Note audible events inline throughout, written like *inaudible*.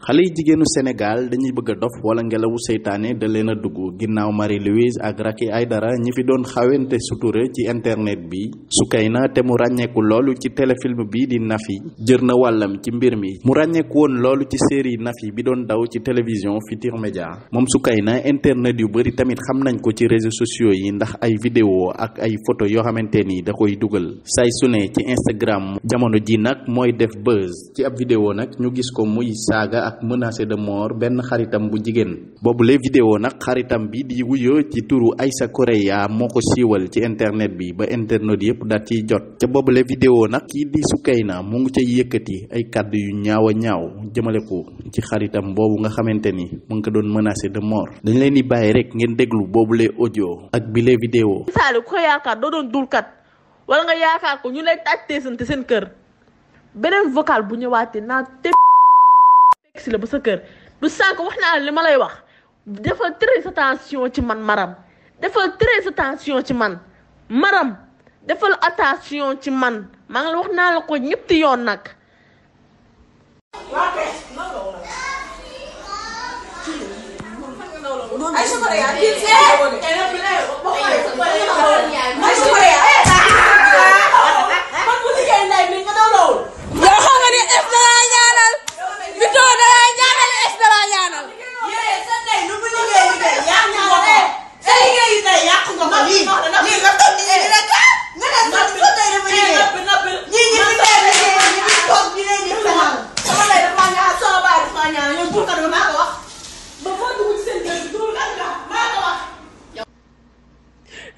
xale yi jigéenu Sénégal dañuy bëgg a dof wala ngelawu seytaane da leen a dugg ginnaaw Marie-Louise ak ay dara ñi fi doon xawente sutura ci internet bi Soukeyna te mu ràññeeku loolu ci téléfilm bi di Nafi jër na wàllam ci mbir mi mu ràññeeku woon loolu ci série Nafi bi doon daw ci télévision Futurs média moom su Soukeyna internet yu bëri tamit xam nañ ko ci réseau sociaux yi ndax ay vidéo ak ay photo yoo xamante ni da koy dugal say su ne ci Instagram jamono ji nag mooy def buzz ci ab vidéo nag ñu gis ko muy saaga ak menacé de mort benn xaritam bu jigéen boobu les vidéo nag xaritam bi di wuyoo ci turu Aïssa Correa moo ko siiwal ci internet bi ba internet yëpp daal ciy jot ca boobu les vidéo nag kii di Soukeyna mu ngi cay yëkkati ay kàddu yu ñaaw a ñaaw jëmale ko ci xaritam boobu nga xamante ni mu ngi ko doon menacé de mort dañ leen di bàyyi rek ngeen déglu boobu les ak bi les vidéo Saliou ku ko yaakaar doo doon dulkat wala nga yaakaar ko ñu lay tàjtee sante seen kër beneen si la ba sa kër du wax naa li ma lay wax dafa très attention ci man maram dafa très attention ci man maram defal attention ci man maa wax naa la ko ñetti yoon nag.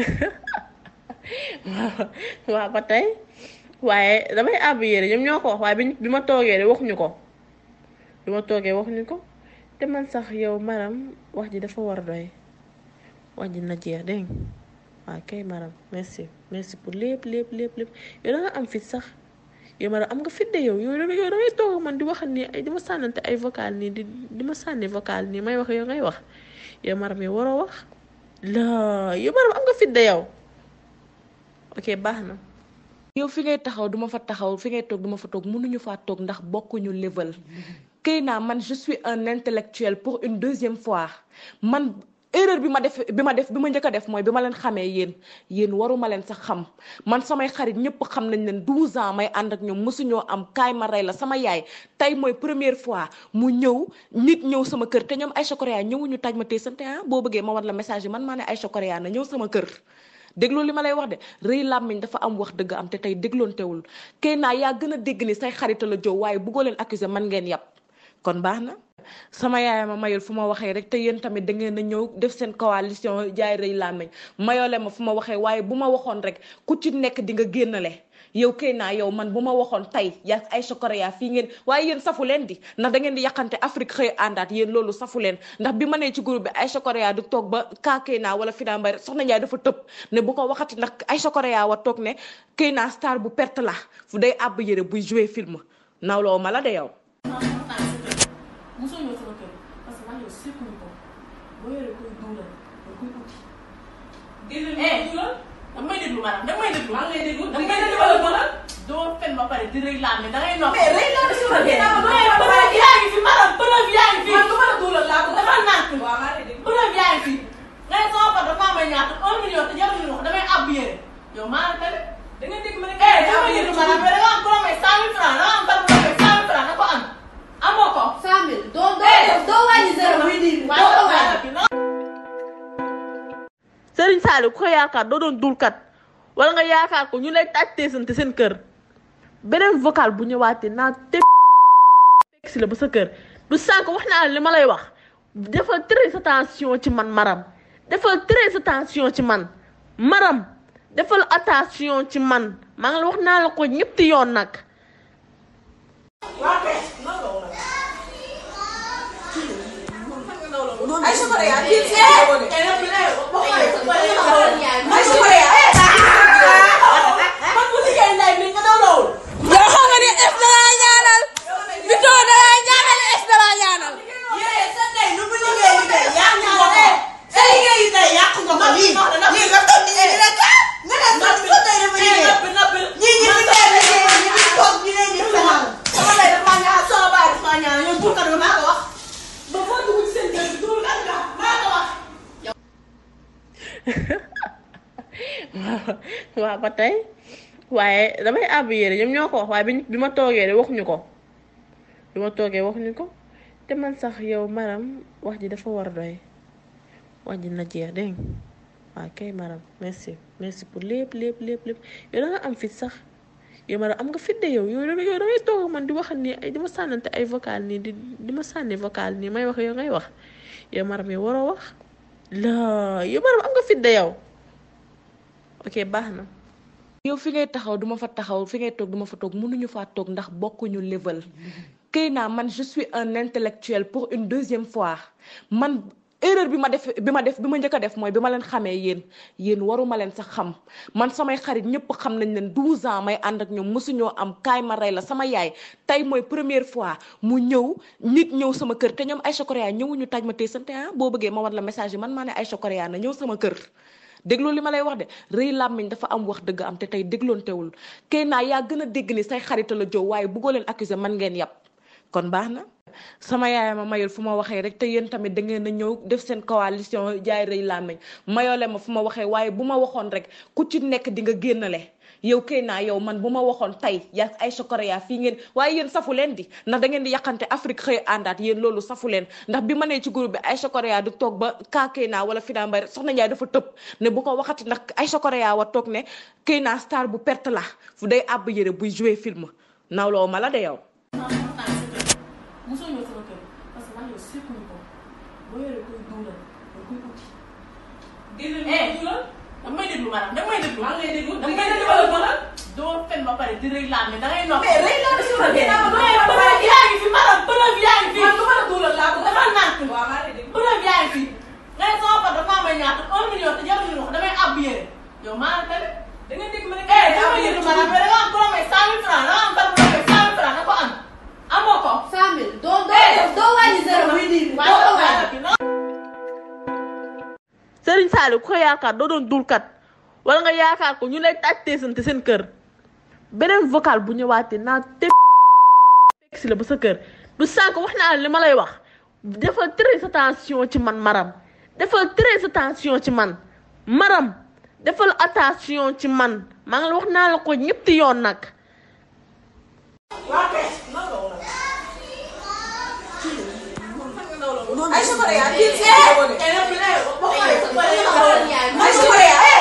*laughs* waa waaw ba tey waaye damay àbb yére ñoom ñoo ko wax waaye bi ma toogee de ñu ko bi ma toogee waxuñu ko te man sax yow maram wax ji dafa war doy wax ji na jeex dégg waaw kay maram merci merci pour lépp lépp lépp lépp am fit sax yow maram am nga fit de yow yow yow da man di wax nii di ma sànnante ay vocal nii di di ma sànni vocal nii may wax yow ngay wax yow maram yow waroo wax la yow maanaam am nga fit de yow ok baax na. yow fi ngay taxaw duma fa taxaw fi ngay toog duma fa toog mënuñu faa toog ndax bokkuñu level. Mm-hmm. Keina man je suis intellectuel pour une deuxième fois man erreur bi ma def bi ma def bi ma njëkk a def mooy bi ma leen xamee yéen yéen waruma leen sax xam man samay xarit ñëpp xam nañ leen 12 ans may ànd ak ñoom mosuñoo am kaay ma rey la sama yaay tey mooy première fois mu ñëw nit ñëw sama kër te ñoom Aïcha Correa ñëwuñu taaj ma tey sante ah boo bëggee ma war la message yi man maa ne Aïcha Correa na ñëw sama kër dégloo li ma lay wax de rëy làmmiñ dafa am wax dëgg am te tey dégloontewul kay naa yaa gën a dégg say xarita la jow waaye buggoo leen accuser man ngeen yàpp kon sama yaay ma mayul fu ma waxee rek te yéen tamit da ngeen a ñëw def seen coalition jaay rëy làmmiñ mayoole ma fu ma waxee waaye bu ma waxoon rek ku ci nekk di nga génnale yow kay naa yow man bu ma waxoon tey yaa ay sokoréa fii ngeen waaye yéen safu leen di ndax da ngeen di yàqante Afrique xëy àndaat yéen loolu safu leen ndax bi ma nee ci groupe bi ay sokoréa du toog ba kaa kay naa wala Fida Mbaye soxna Njaay dafa tëb ne bu ko waxati ndax ay sokoréa wa toog ne kay naa star bu perte la fu day àbb yére buy jouer film nawloo ma la yow jëkkër parce que wax yow seetlu ko boo yoree koy duulal da koy uti. dina ñëw duulal. da may déglu maanaam da may déglu. maa ngi lay déglu da may déglu wala wala. doo fen ba pare di rëy laam da ngay noppi. mais rëy laam suuna bi daa ma yaa ngi fi maanaam preuve yaa ngi fi. man lu ma la duulal laa ko dafa nànk. waaw maa ngi déglu preuve yaa ngi fi. nga ne sama papa dafa may ñaata un million te jarul ñu wax damay àbb yére yow maa la tamit. da nga dégg ma ne. da nga dégg ma ne da nga am problème cent mille francs Sëriñ Saliou ku ko yaakaar doo doon dulkat wala nga yaakaar ko ñu lay tàjtee sant seen kër beneen vocal bu ñëwaatee naa teg si la ba sa kër du sànq wax naa li ma lay wax defal très attention ci man maram defal très attention ci man maram defal attention ci man maa ngi la wax naa la ko ñetti yoon nag. Ayşe Koreyan. Ayşe Koreyan. Ayşe Koreyan. waaw ba tey waaye damay àbb yére ñoom ñoo ko wax waaye bi ma toogee de waxuñu ko bi ma toogee ko te man sax yow maram wax ji dafa war doy wax ji na jeex dégg waaw kay maram merci merci pour lépp lépp lépp lépp yow da am fit sax yow maram am nga fit yow yow yow da ngay toog man di wax nii ay di ma sànnante ay nii di di ma sànni vocal nii may wax yow ngay wax yow maram yow waroo wax la yow maram am nga fit de yow ok baax na yow fi ngay taxaw duma fa taxaw fi ngay toog duma fa toog mënuñu faa toog ndax bokkuñu level naa man je suis un intellectuel pour une deuxième fois man erreur bi ma def bi ma def bi ma njëkk def mooy bi leen xamee yéen yéen waruma leen sax xam man samay xarit ñëpp xam nañ leen 12 ans may ànd ak ñoom mosuñoo am kaay ma rey la sama yaay tey mooy première fois mu ñëw nit ñëw sama kër te ñoom Aïcha Correa ñëwuñu taaj ma tey sante ah boo bëggee ma war la message man maa ne Aïcha Correa na ñëw sama kër dégloo li ma lay wax de rëy làmmiñ dafa am wax dëgg am te tey dégloontewul kay naa yaa gën a dégg ni say xarital la jow waaye buggoo leen accuser man ngeen yàpp kon baax na sama yaay ma mayul fu ma waxee rek te yéen tamit da ngeen a ñëw def seen coalition jaay rëy làmmiñ mayoo mayoole ma fu ma waxee waaye bu ma waxoon rek ku ci nekk di nga génnale yow kay naa yow man bu ma waxoon tey yaa Aïcha Correa fii ngeen waaye yéen safu leen di ndax da ngeen di yàqante Afrique xëy àndaat yéen loolu safu leen ndax bi ma ne ci groupe bi Aïcha Correa du toog ba kaa kay naa wala Fida Mbaye soxna Ndiaye dafa tëb ne bu ko waxati ndax ay Correa wa toog ne kay star bu perte la fu day àbb yëre buy jouer film nawloo ma la de yow eh, da may déglu maanaam da may déglu. maa ngi lay déglu da may déglu wala wala. doo fen ba pare di rëy laam da ngay noppi. mais rëy laam suuna bi. yaa ngi fi maanaam preuve yaa ngi fi. man lu ma la duulal laa ko dafa naan fi. waaw maa ngi déglu preuve yaa ngi fi. nga ne sama papa dafa may ñaata un million te jarul ñu wax damay ab yére yow maa la tamit. da nga dégg ma ne. da nga dégg ma ne da nga am problème cent mille francs da nga am taali ku ko yaakaar doo doon dulkat wala nga yaakaar ko ñu lay tàjtee sante seen kër beneen vocal bu ñëwaatee naa teg *laughs* si la ba sa kër du sànq wax naa li ma lay wax defal très attention ci man maram defal très attention ci man maram defal attention ci man maa wax naa la ko ñetti yoon nag. 不会，不会，不会，不会呀！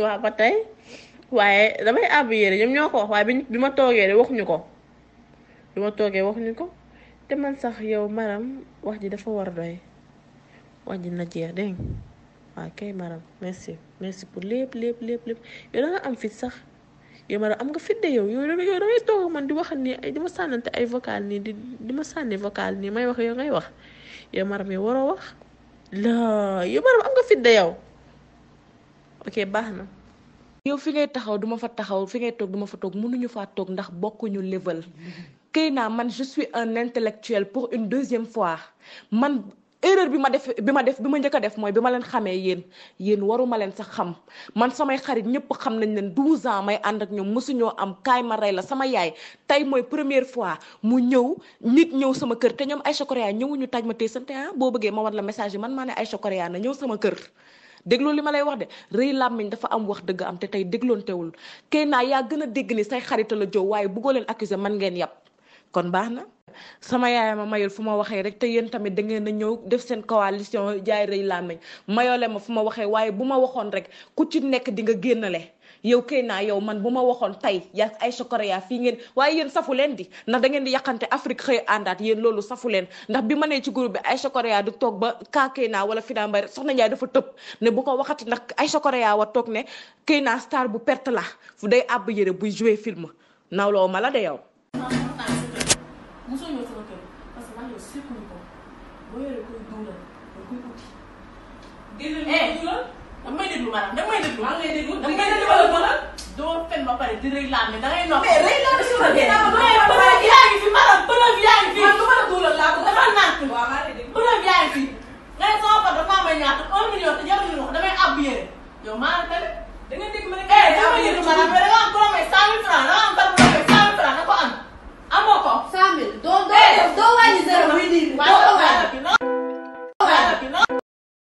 waaw ba tey waaye damay àbb yére ñoom ñoo ko wax waaye bi ma toogee de waxuñu ko bi ma toogee waxuñu ko te man sax yow maram wax ji dafa war doy wax ji na jeex dégg waaw kay maram merci merci pour lépp lépp lépp lépp yow da am fit sax yow maram am nga fit de yow yow yow damay toog man di waxal nii ay di ma sànnante ay vocal nii di di ma sànni vocal nii may wax yow ngay wax yow maram yow waroo wax la yow maram am nga fit de yow ok baax na. yow fi ngay taxaw duma fa taxaw fi ngay toog duma fa toog mënuñu faa toog ndax bokkuñu level. naa man je suis un intellectuel pour une deuxième fois man. erreur bi ma def bi ma def bi ma njëkk def mooy bi ma leen xamee yéen yéen waruma leen sax xam man samay xarit ñëpp xam nañ leen 12 ans may ànd ak ñoom mosuñoo am kaay ma rey la sama yaay tey mooy première fois mu ñëw nit ñëw sama kër te ñoom Aïcha Correa ñëwuñu taj ma tey sante ah boo bëggee ma war la message man maa ne Aïcha na ñëw sama kër dégloo li ma lay wax de rëy làmmiñ dafa am wax dëgg am te tey dégloontewul kay naa yaa gën a dégg ni say xarital la jow waaye buggoo leen accuser man ngeen yàpp kon baax na sama yaay ma mayul fu ma waxee rek te yéen tamit da ngeen a ñëw def seen coalition jaay rëy làmmiñ mayoo mayoole ma fu ma waxee waaye bu ma waxoon rek ku ci nekk di nga génnale yow kay naa yow man bu ma waxoon tey ya ay chocoria fii ngeen waaye yéen safu leen di ndax da ngeen di yàqante Afrique xëy àndaat yéen loolu safu leen ndax bi ma nee ci groupe bi ay chocoria du toog ba kaa kay wala fi naa mbay soxna Njaay dafa tëb ne bu ko waxati ndax ay chocoria wa toog ne kay star bu perte la fu day àbb yëre buy jouer film nawloo ma la yow eh! danga may déglu maanaam danga may déglu. maa ngi lay déglu danga may déglu wala wala. fen ba pare di rëy laam ne dangay noppi. mais rëy laam si wala. yaa ngi fi maanaam preuve yaa ngi fi.